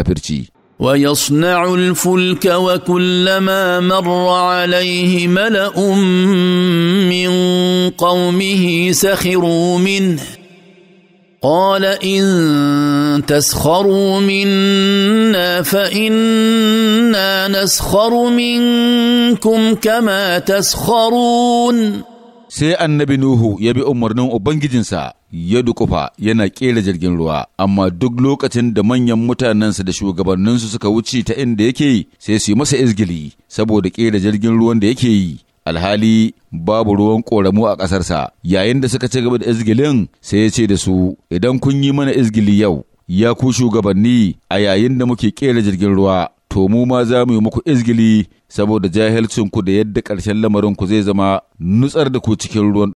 kafirci ويصنع الفلك وكلما مر عليه ملا من قومه سخروا منه قال ان تسخروا منا فانا نسخر منكم كما تسخرون sai annabi Nuhu ya bi umarnin Ubangijinsa ya dukufa yana ƙera jirgin ruwa, amma duk lokacin da manyan mutanensa da shugabanninsu suka wuce ta inda yake sai su yi masa izgili saboda ƙera jirgin ruwan da yake yi. Alhali babu ruwan ƙoramu a ƙasarsa, yayin da suka ci gaba da izgilin sai ya ce da su, Idan kun yi mana izgili yau, ya ku shugabanni a yayin da muke ƙera jirgin ruwa, to mu ma za mu yi muku izgili saboda jahilcinku da yadda ƙarshen lamarinku zai zama nutsar da ku cikin ruwan